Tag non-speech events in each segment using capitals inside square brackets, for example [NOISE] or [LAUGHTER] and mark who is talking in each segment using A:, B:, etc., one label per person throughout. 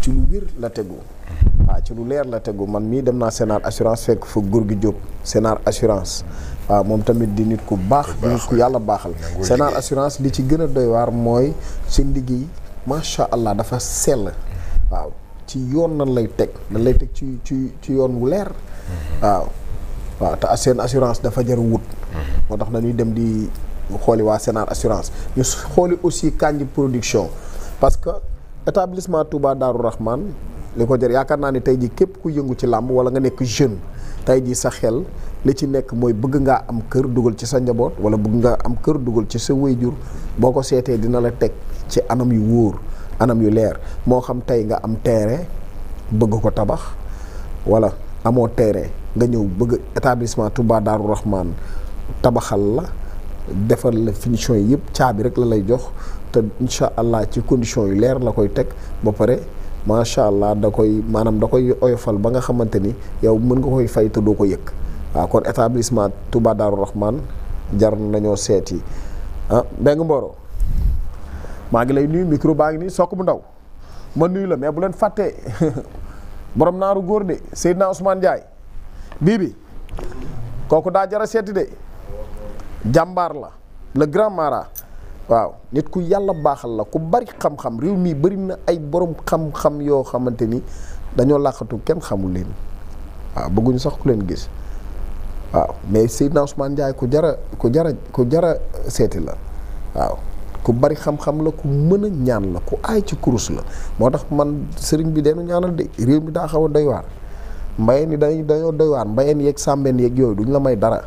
A: ci lu wér la tegu waaw ci lu leer la tegu man mii dem naa Sénar assurance fekk fa góor gi Diop Sénar assurance waaw moom tamit di nit ku baax di nit ku yàlla baaxal Sénar assurance li ci gën a doy waar mooy si ndigg yi macha allah dafa sell waaw ci yoon nan lay teg nan lay teg ci ci ci yoon wu leer waaw waaw te seen assurance dafa jar wut moo tax dañuy dem di xooli waa senar assurance ñu xooli aussi Kandji production parce établissement Touba Darou Rahman li ko jar yaakaar naa ne tey jii képp ku yëngu ci làmb wala nga nekk jeune tey jii sa xel li ci nekk mooy bëgg ngaa am kër dugal ci sa njaboot wala bëgg ngaa am kër dugal ci sa wéyjur boo ko seetee dina la teg ci anam yu wóor anam yu leer moo xam tey nga am terrain bëgg ko tabax wala amoo terrain nga ñëw bëgg établissement Touba Darou Rahman tabaxal la. defal la finition yi yëpp caabi rek la lay jox te incha allah ci condition yu leer la koy teg ba pare macha allah da koy maanaam da koy oyofal ba nga xamante ni yow mën nga koy fay te doo ko yëg waaw kon établissement Touba Darou Rahman jar nañoo seeti ah Mbengue Mboro maa ngi lay nuyu micro baa ngi nii sokk bu ndaw ma nuyu la mais bu leen fàttee [LAUGHS] borom naaru góor de Seydina Ousmane Ndiaye bii bi kooku daa jar a seeti de. jàmbaar la le grand mara waaw nit ku yàlla baaxal la ku bari xam-xam réew mii bari na ay boroom xam-xam yoo xamante ni dañoo làqatu kenn xamul leen waaw bëgguñu sax ku leen gis waaw mais Seydina Ousmane Ndiaye ku jara ku jara ku jara seeti la waaw ku bari xam-xam la ku mën a ñaan la ku aay ci kurus la moo tax man sëriñ bi dañu ñaanal de réew mi daa xaw a doy waar mbayeen yi dañu dañoo doy waar mbayeen yeeg sàmbeen yeeg yooyu duñ la may dara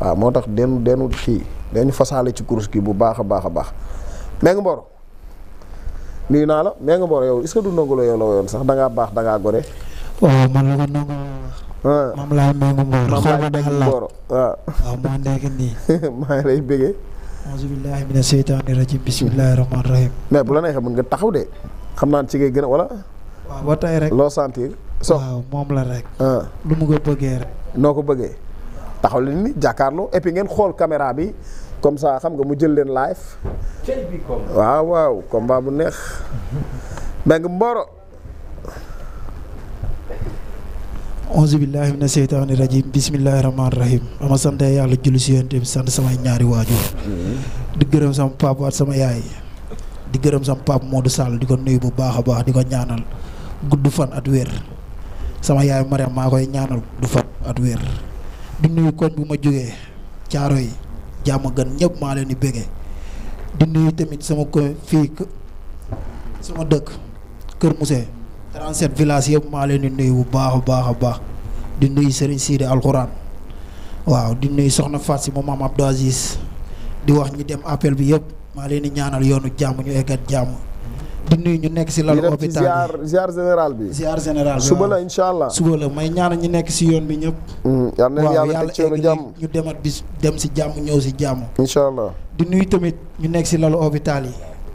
A: waaw moo tax denu denu kii dañu fasaale ci course gi bu baax a baax a baax mais nga mboro nuyu naa la mais nga mboro yow est que du ndongolo la woyoon sax da baax da
B: man la ko ah. ma daal la waaw
A: waaw moo nekk nii [LAUGHS] maa ngi lay bëggee auzu billahi mina
B: seytaani rajim bismillahi rahmaani rahim
A: mais bu la neexee mën nga taxaw de xam naa ci ngay gën a wala rek loo sentir
B: so moom la rek ah. lu mu ko bëggee
A: noo ko bëggee taxaw leen ni jàkkaarloo et ngeen xool caméra bi comme ça xam nga mu jël leen live. waaw waaw combat bu neex. Mbengue Mboro.
B: auzu billaahi mina seytaani rajiim bismillaahi rahmaani rahiim ama sant yàlla julli si yonent bi sant samay ñaari waajur di gërëm sama papa ak sama yaay. di gërëm sama papa Modou Sall di ko nuyu bu baax a baax di ko ñaanal gudd fan at wér sama yaay Mariam maa koy ñaanal du fan at wér. di nuyu koñ bu ma jógee caaro yi jàmm gën ñëpp maa leen di bëggee di nuyu tamit sama ko fii sama dëkk Kër Mousse 37 villages yëpp maa leen di nuyu bu baax a baax a baax di nuyu Serigne Sidi Alxuraan waaw di nuyu Soxna Faat si moom maam Abdou Aziz di wax ñi dem appel bi yëpp maa leen di ñaanal yoonu jàmm ñu eggat jàmm. di nuyu ñu nekk si lalu hôpital ziar
A: ziar général bi. ziar général bi suba la allah. suba
B: may ñaanal ñu nekk si yoon bi ñëpp.
A: Mm, yal nañu yàlla teg ceeru
B: jàmm ñu demat bis dem si jàmm ñëw si jàmm. incha allah di nuyu tamit ñu nekk si lalu hôpital yi.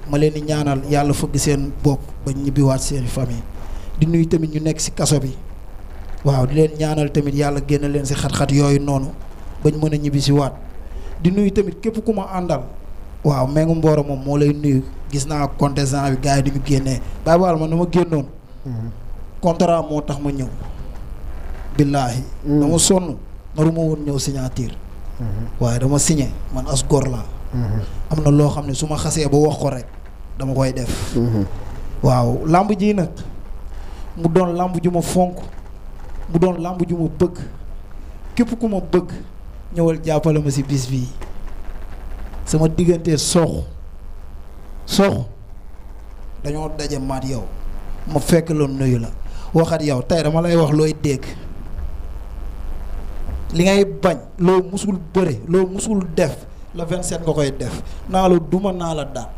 B: ma leen di ñaanal yàlla fëgg seen bopp ba ñibbiwaat seeni famille di nuyu tamit ñu nekk si kaso bi waaw di leen ñaanal tamit yàlla génn leen si xat-xat yooyu noonu bañ mën a ñibbi si waat di nuyu tamit képp ku ma àndal. waaw Mengu Mboro moom moo lay nuyu gis naa contestant bi gars yi di mu génnee bàyyi baal ma na ma génnoon hmm. contrat moo tax ma ñëw billaahi hmm. dama sonn naru ma woon ñëw signature hmm. waaye dama signé man as góor am na loo xam ne su ma xasee ba wax ko rek dama koy def waaw làmb ji nag mu doon làmb ju ma fonk mu doon làmb ju ma bëgg képp ku ma bëgg ñëwal jàppale ma si bis bii sama diggante soxu soxu dañoo daje maat yow ma fekk la nuyu la waxat yow tey dama lay wax looy dégg li ngay bañ loo musul bëre loo musul def le 27 nga koy def naa la duma naa la daan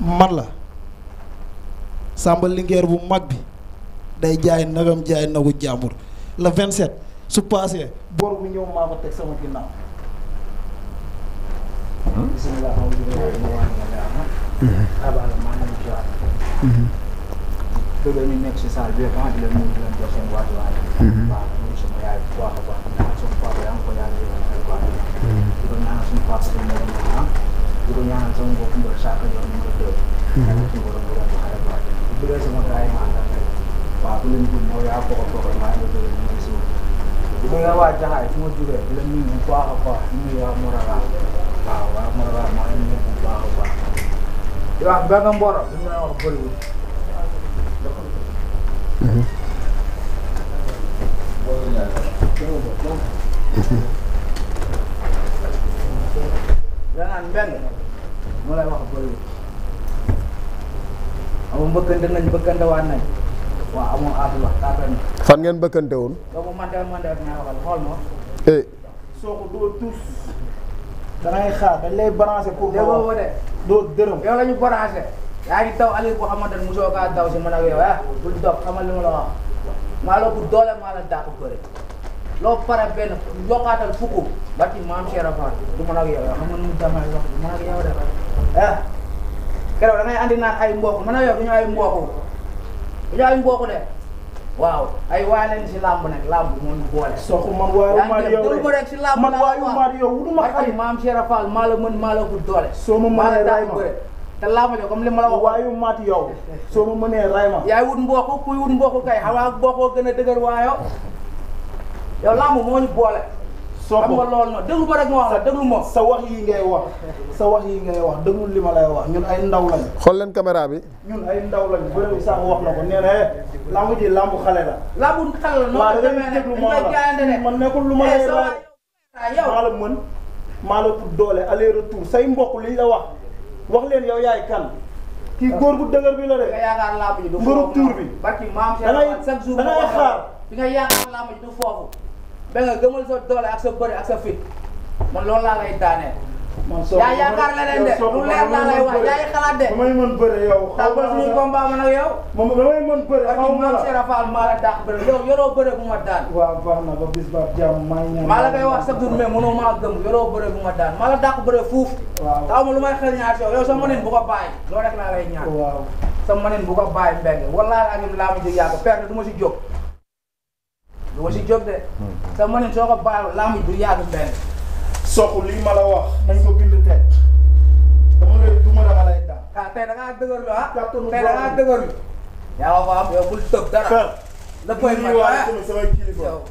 B: man la Samba Linguère bu mag bi day jaay nagam jaay nagu jàmbur la 27 su paasee bool bu ñëw maa teg sama ginnaaw. dëgg
C: ñu nekk si salle bi ah di leen mën di leen jox seen waat waay. waaw ñun sama yaay bu baax a baax ñaanal sama papa yaa ngi ko yaay di leen xel baax di ko ñaanal sama papa di leen ah di ko ñaanal sama mbokku mbir saako yoon numéro deux. ñaanal suñu borom bu leen xel baax bu bëggee sama gars yi ma àndal rek waaw bu leen gën ñëw yaa ko ko toog maa ngi leen di leen si bu bëggee waa jaxaay su ma jugee di leen nuyu bu baax a baax nuyu yaa moral mooy ñu bu baax a baax di wax benn mbooloo li ñu doon lay wax bëriwul. amu mbëkkante nañ mbëkkante waat nañ.
A: fan ngeen mbëkkante woon. eh.
C: dangay xaar dañ lay branché pour. déggoo ma de doo dërëm. yow la ñu branché. yaa ngi daw Aliou boo xamante ne mosoo kaa daw si man ak yow ah. bul dox xamal li ma la wax maa la bu doole maa la loo pare benn yokkaatal ba ci maam Cheikh Rafa du man ak yow xam nga nu mu damay wax du man ak yow de ah keroog da ngay andi ay mbokk man ak yow du ñu ay mbokk du ñu ay mbokk de. waaw ay waay leen si làmb nag làmb boole. soxu man waayu maar yow rek yaa si làmb man waayu maar yow wutuma ay maam Cheikh Fall maa la mën maa la ko doole. soo ma mënee ray ma te làmb jo comme li ma la wax. waayu maat yow soo ma mënee ray kay xaw maa mboq gën a dëgër waayo yow boole. soo ko xam nga loolu noonu déglu ma rek ma wax la déglu ma. sa
B: wax yi ngay wax sa wax yii ngay wax déglu li ma lay wax ñun ay ndaw lañ.
A: xool leen caméra bi.
B: ñun ay ndaw lañ bëri sax wax na ko nee na eh, lambu ji la. lambu xale la noonu la demee nag dañ koy jaayante ne man lu ma eh, lay laaj. maa la mën maa la tudd doole aller retour say mbokk liñ la wax wax leen yow yaay kan. kii ah. góor bu dëgër bi la de. nga yaakaar lambu ji du foofu ngërëb tuur bi. barki maam Cheikh chaque jour da ngay
C: bi nga yaakaar lambu ji du ba nga gëmal sa doole ak sa bëri ak sa fit man loolu laa lay daaneel. man soo ko yaa yaakaar leneen de lu leer laa lay wax yaa ngi xalaat de. damay mën bëre yow. xaw ma suñu combat man ak yow. moom damay mën bëre xaw ma la ak Serafal maa la dàq bëre yow yoroo bëre bu ma daan. waaw baax na ba bis ba jàmm maa ngi ñaan. maa la koy wax sa jour mais mënoo maa gëm yoroo bëre bu ma daan maa la dàq bëre fuuf. waaw xaw ma lu may xel ñaar yow yow sa mënin bu ko bàyyi loolu rek laa lay ñaan. waaw sa mënin bu ko bàyyi mbeng wallaahi ak laa ma jóg yaa ko perte du ma si jóg doo si jóg de. te ma ne soo ko baaxee làmb du yàgg benn. soxu lii ma la wax nañ ko bind teg dama lay duma dama lay daan. ah tey da ngaa dëgër ah. tey da ngaa dëgër. yaa ko am yow bul tëb dara. lépp ay ma waaye
B: yow.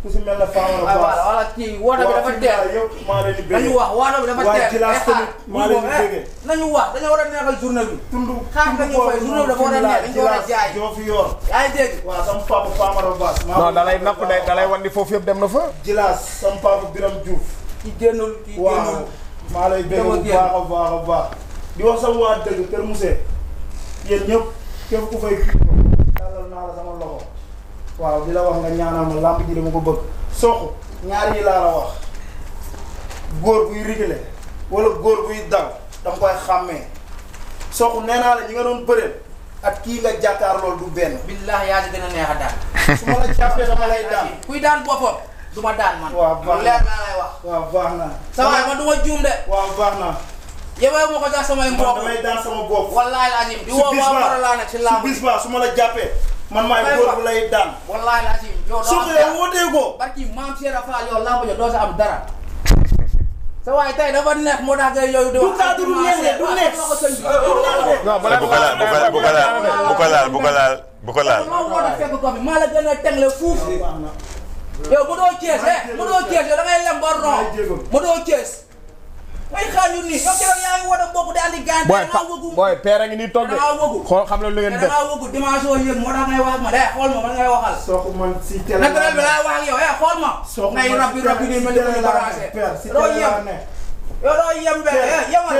B: ku si mel ne Fama la. waaw voilà
C: kii woote bi dafa teel yow maa leen di bëgg nañu wax woote bi dafa teel. waaye Jilas tamit maa leen di bëgg eh, nañu wax dañoo war a neexal journée bi. tundu xaar nga
A: ñu fay journée bi dafa war a neex dañu ko war a jaay
B: joo fi yor. yaa ngi dégg waaw sama papa Fama la Baas. non da lay napp day da lay
A: wan ni foofu yëpp dem na fa. Jilas
B: sama papa Birame Diouf. ki génnul ki génnul waaw maa lay bëgg bu baax a baax a baax. di wax sama waa dëgg Kër Mousse yéen ñëpp képp ku fay kii tàllal naa la sama loxo waaw di la wax nga ma làmb ji dama ko bëgg soq ñaar laa la wax góor buy rigile wala góor buy daw danga koy xàmmee soq nee naa la ñi nga doon bëreel kii nga jàkkaar loolu du benn. billaah yaa ngi gën a neex a daan. su ma la jàppee
C: lay daan. [LAUGHS] kuy daan boppam du ma daan man. waaw baax na leer naa sa waay man du ma juum de. waaw baax na. yeboo ma ko sax samay mbokk man damay daan sama bopp. wallaahi azim di woo waa Morolan
B: ak si laabu. su bis ma la jàppee. man maay góor bu lay daan.
C: wallaahi la si yow doo am dara yow wootee ko. barki maam Cheikh Fall yow laa bëgg doo sa am dara. sa waay tey dafa neex moo tax yow. du kaddu du neex de du neex. non
A: bu ko laal bu ko laal bu ko laal bu ko laal.
C: maa la gën a tegle fuuf. yow bu doo Cees eh bu doo Cees yow da ngay lem ba ron bu doo Cees. way xaaju nii yow keroog yaa ngi war a bokk di andi gaan booy père a ngi nii toog de
A: xool xam la lu ngeen def
C: wëggu dimanche oo yëpp moo ma de xool ma man ngay waxal soo man si télé naturel bi laa wax ak yow eh
B: ma
A: ngay rabbi rabbi nii ma def brancé doo yem
B: yow doo yem be eh, yemal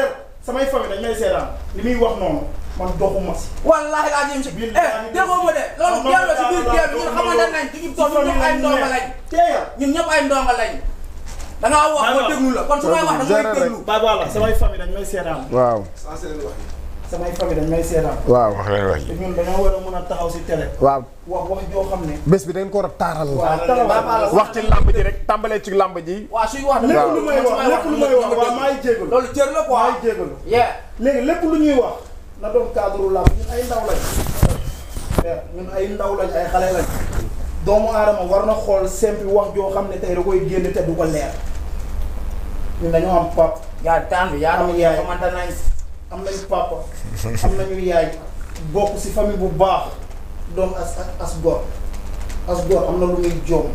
B: samay famille dañ lay li muy wax noonu man
C: doxuma si eh, si déggoo ma de loolu delloo si biir kër bi ñëpp ay ndongo lañ
B: ñun ñëpp da ngaa wax ma déglu la kon su may samay famille dañ may seetaan. waaw. samay famille dañ may seetaan.
A: waaw wax wax. mën a taxaw si télé. waaw wax wax joo xam ne. bés bi dañ ko war a taaral. waaw wax ci làmb ji rek tàmbalee ci làmb ji. waaw suy wax lépp lu may wax lépp lu may wax la quoi
B: maa léegi lépp lu ñuy wax. na doon cadre làmb ñun ay ndaw lañ. doomu aadama war na xool simple wax joo xam ne tey da koy génn te du ko leer. ñun dañoo am papa. yaa tànn yaa am yaay xamante nañ am nañu papa am nañu yaay bokk si famille bu baax doom as as góor as góor am na lu muy joom.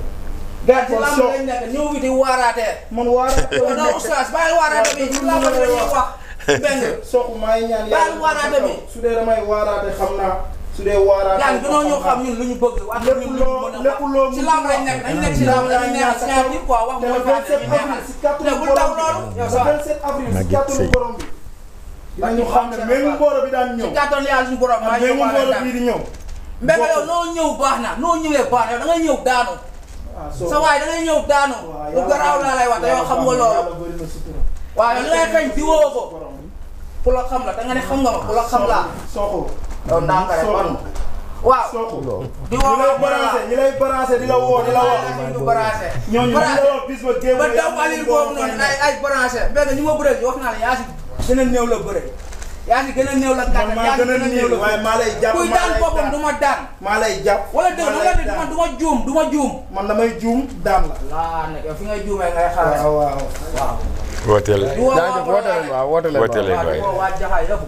B: gerte la am nañ
C: nekk ñëw wi di waaraatee. man waaraatee la nekk oustaz bàyyi waaraate bi ñu la [LAUGHS] ko dañuy wax
B: benn. soxna maa ngi ñaan yàlla baal waaraate bi su dee damay xam naa. su dee waaraat ak gàncax ñoo xam ñun lu ñu bëgg. wax ñun lu ñu mën a wax ci laaw lañ nekk dañ nekk ci laaw lañ nekk si ñaar quoi wax mooy wax dañuy neexal te bu taw loolu. yow ça va 27 avril si kàttanu borom bi. dinañu xam ne même mbooro bi daan ñëw. ci kàttanu yàlla
C: suñu borom maa ñëw mbooro bi di ñëw. mbéy mi yow noo ñëw baax na noo ñëwee baax na yow da ngay ñëw daanu. Ah, sa waay da ngay ñëw daanu. lu garaaw laa lay wax te yow xam nga loolu.
A: waaw yow li ngay kañ diwoo ko.
C: ku la xam la da nga ne xam nga ma ku la xam laa
B: ndànk rek kon. waaw di woo ñi lay branché di la woo di la wax. ñooñu di la wax bis ba démb ba daw Aliou boobu noonu
C: ay ay branché benn ñu ma bëre wax naa la yaa si gën a néew la bëre. yaa ngi gën a néew la gàttal yaa ngi gën a néew la waaye maa lay jàpp kuy daan boppam du ma daan. maa lay jàpp wala dégg nga dégg man du ma juum du ma juum. man damay juum daan la. laa ne yow fi ngay juumee ngay xaar. waaw waaw waaw.
A: wooteel. jaajëf wooteel waaw wooteel waaw wooteel
C: waaw.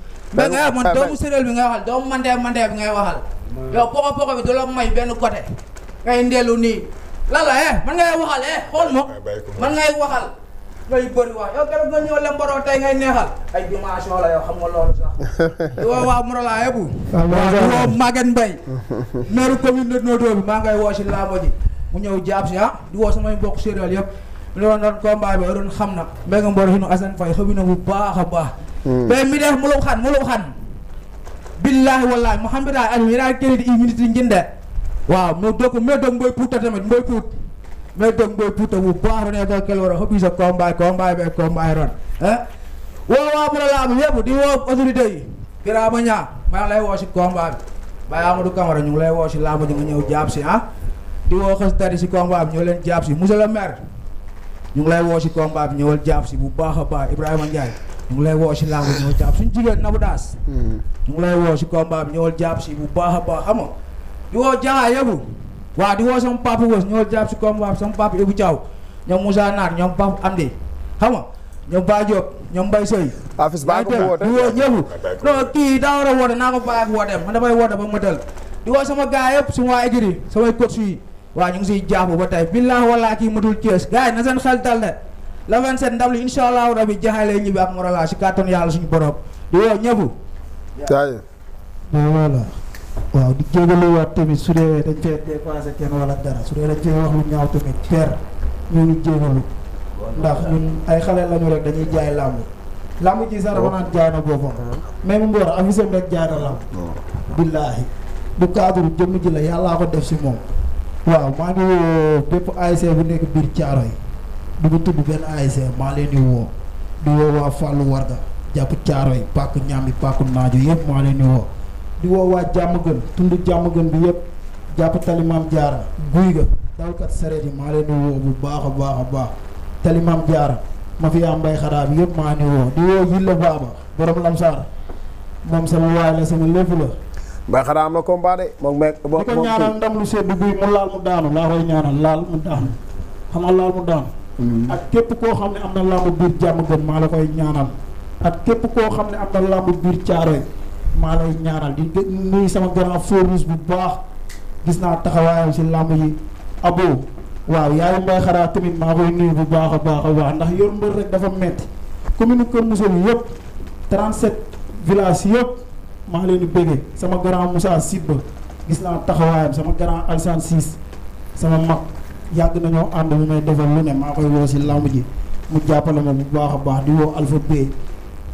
C: mais nga man doomu séeréer bi ngay waxal doomu mandee mandee bi ngay waxal yow poko poko bi du la may benn côté ngay ndeelu nii lala eh man ngay waxal eh xool ma man ngay waxal ngay bëri wax yow garab nga ñëw lem tey ngay neexal ay dimension la yow xam nga loolu sax [LAUGHS] di woo waa Morola yëpp di woo Maguette Mbaye maire commune de Notto bi maa ngay woo si laa ji mu ñëw jaab si ah di woo samay mbokk séeréer yëpp loolu noon combat bi oɗon xamna mbega mbor hino asan fay heɓinomo baaxa baax ɓe miɗe moloɓ xan moloɓ xan billahi wallahi mouhamada an miɗa kenide i minute jinɗe waaw mi dok mi dok mboy puutta tamit mboy puut mi dok mboy puutta mo baax ron eto kel woro hoɓi so combat combat ɓe combat ron eh? wowaɓuralaɓe yeɓu ɗi wo autorité yi kirama ña maya lay woosi combat bi Baye Amadou Camara ñu ngi lay woo si laamu ji nga ñëw jaab si ah di woo xës tari si combat bi ñoo leen jaab si monsieur le maire ñu ngi lay woo si combat bi ñëwal jàpp si bu baax a baax Ibrahima Ndiaye ñu ngi lay woo si làmb ñëwal jàpp suñu jigéen Nabou Daas mm-hmm. ñu ngi lay woo si combat bi ñëwal jàpp si bu baax a baax xam nga di woo Jaxaa yëpp waaw di woo sama papa wës ñëwal jàpp si combat bi sama papa Ibou Thiaw ñoom Moussa Naar ñoom Pape Amdi xam nga ñoom Ba ñoom bay Seye affiche baa ko woote di woo ñëpp non kii daa war a woote naa ko bàyyi ak wooteem man damay woote ba mu dal di woo sama gaa yëpp suma waa écurie samay kot yi waa ñu ngi siy jaabu ba tey billaahi walaa kii matul Thiès gars yi na seen xel dal de le 27 ndam li incha allahu rabi jaxale ñibbi ak Morala si kàttan
B: yàlla suñu borom di woo ñëpp. jaajëf. waaw di jégaluwaat tamit su dee dañ fee dépassé kenn wala dara su dee dañ fee wax lu ñaaw tamit per ñu ngi jégalu ndax ñun ay xale lañu rek dañuy jaay làmb làmb ji sax dafa naan jaay na boppam même Mboro afisam rek jaay na làmb oh. billaahi du si moom waaw maa ngi woo bépp ASC bu nekk biir caaro yi du ma tudd benn ASC maa leen di woo di woo waa Fallou Warga jàpp caaro yi pàkk ñaami pàkk naajo yëpp maa leen di woo di woo waa jàmm gën tund jàmm gën bi yëpp jàpp talimaam jaara guy ga dawkat sareet yi maa leen di woo bu baax a baax a baax talimaam jaara ma fi am mbay xaraa bi yëpp maa ni woo di woo yilla baaba borom lamsaar moom sama waay la sama lépp la
A: mbay xanaa am na combat de moom meeg. moom di ko ñaanal
B: ndam lu sedd guy mu laal mu daanu laa koy ñaanal laal mu daanu xam nga laal mu daanu. Mm. ak képp koo xam ne am na làmb biir jàmm gën maa la koy ñaanal. ak képp koo xam ne am na làmb biir caaroy maa lay ñaanal di nuyu sama grand fóorus bu baax gis naa taxawaayam si làmb yi abo waaw yaayu mbay xaraa tamit maa koy nuyu bu baax a baax a baax ndax yor mbër rek dafa metti commune Kër Moussa bi yëpp 37 villages yëpp. maa ngi leen di bëggee sama grand mussa Sibba gis naa taxawaayam sama grand Alsane Ciss sama mag yàgg nañoo ànd mu may defal lu ne maa koy woo si lamb ji mu jàppale ma bu baax a baax di woo Alpha B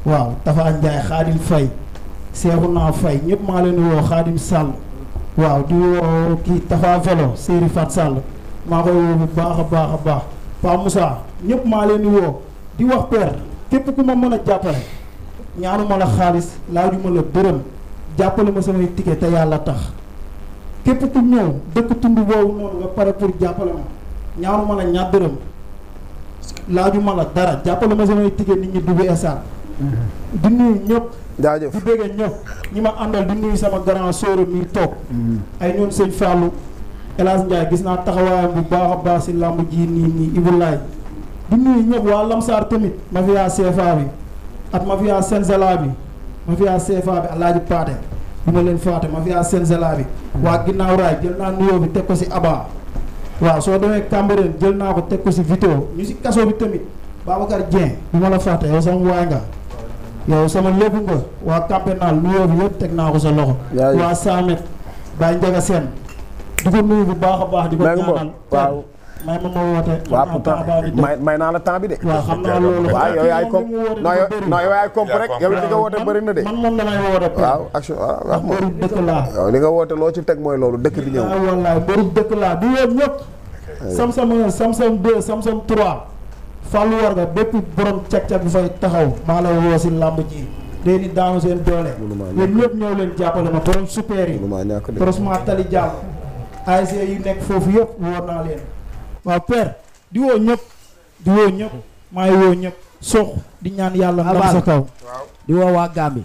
B: waaw Tafa Ndiaye fay Faye naa fay ñëpp maa leen di woo Xaadim Sall waaw di woo kii Tafa Velo Séeri Fat Sall maa koy woo bu baax a baax a baax Pa Moussa ñëpp maa leen di woo di wax père képp ku ma mën a jàppale ñaanuma la xaalis laajuma la dërëm jàppale ma samay ticket te yàlla tax képp ku ñëw dëkk tund boobu noonu nga pare pour jàppale ma ñaanuma la ñaar dërëm laajuma la dara jàppale ma samay ticket nit ñi dugg esar mm-hmm. di nuyu ñëpp jaajëf di bëggee ñëpp ñi ma àndal di nuyu sama grand sóoro mi toog mm-hmm. ay ñoom sëñ Fallou El Hadj gis naa taxawaayam bu baax a baax si làmb ji nii nii Ibou Laye di nuyu ñëpp waa Lamsaar tamit ma fi yaa CFA bi ak mafia Senzala bi mafia CFA bi alaaji paate bu ma leen faate mafia Senzala bi waa ginnaaw raay jël naa nuyoo bi teg ko si Aba waaw soo demee Cambérène jël naa ko teg ko si Vito ñu si kaso bi tamit Babacar Dieng bu ma la faate yow sama waay nga yow sama lépp nga waa Campenal nuyoo bi yëpp teg naa ko sa loxo waa Samet
A: Baye Njaga Seen di ko nuyu bu baax di ko ñaanal waaw may ma ma woote. may naa la temps bi de. waaw xam naa loolu. waaw yow yaay comp non yow yaay comp rek na de. man moom damay woote. waaw action waaw ah, wax dëkk laa. li nga woote loo ci teg mooy loolu dëkk bi ñëw. waaw
B: wallaay bëri dëkk laa di woo ñëpp. Samsam 1 Samsam 2 Samsam 3. Fallou war nga bépp borom càq-càq bu fay taxaw maa la woo si làmb ji. day ni daanu seen doole. yéen ñëpp ñëw leen jàppale ma borom super yi. mënuma ñàkk de tali jàmm. ASC yu nekk foofu yëpp woo waaw père di woo ñëpp di woo ñëpp maa ngi woo ñëpp sox di ñaan yàlla ndam sa kaw
C: di woo waa Gambi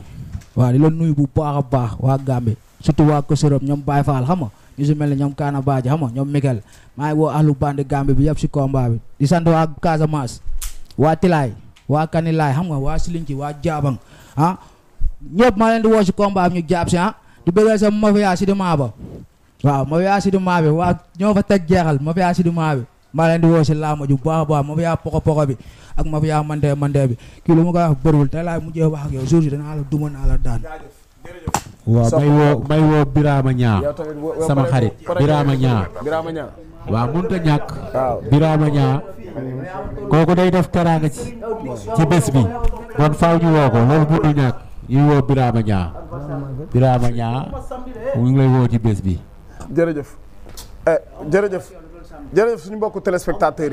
C: waaw di la nuyu bu baax a baax waa Gambi surtout waa Kosorop ñoom Baye Fall xam nga ñu si mel ne ñoom Kaana Badji xam nga ñoom Mikel maa ngi woo ahlu bande Gambi bi yëpp si combat bi di sant waa Casamance waa Tilaay waa Kanilaay xam nga waa Silinki waa Jaabang ah. ñëpp maa leen di woo si combat bi ñu jaab si ah di bëggal sa mafia si dimaa ba waaw mafia si dimaa bi waa ñoo fa teg jeexal maa leen di woo si laama ju baax a baax ma fiyaa poko poko bi ak ma fiyaa mande mande bi kii lu ma koy wax bëriwul tey laa mujjee wax ak yow jour yi danaa la duma naa la daan
A: waaw may woo may Ñaa sama xarit Birama Ñaa waaw mënut a ñàkk Birama Ñaa kooku day def teraanga ci bés bi kon faaw ñu woo ko loolu mënul ñàkk ñu woo Birama Ñaa Birama Ñaa mu ngi lay woo ci bés bi eh, jërëjëf suñu mbokku téléspectateurs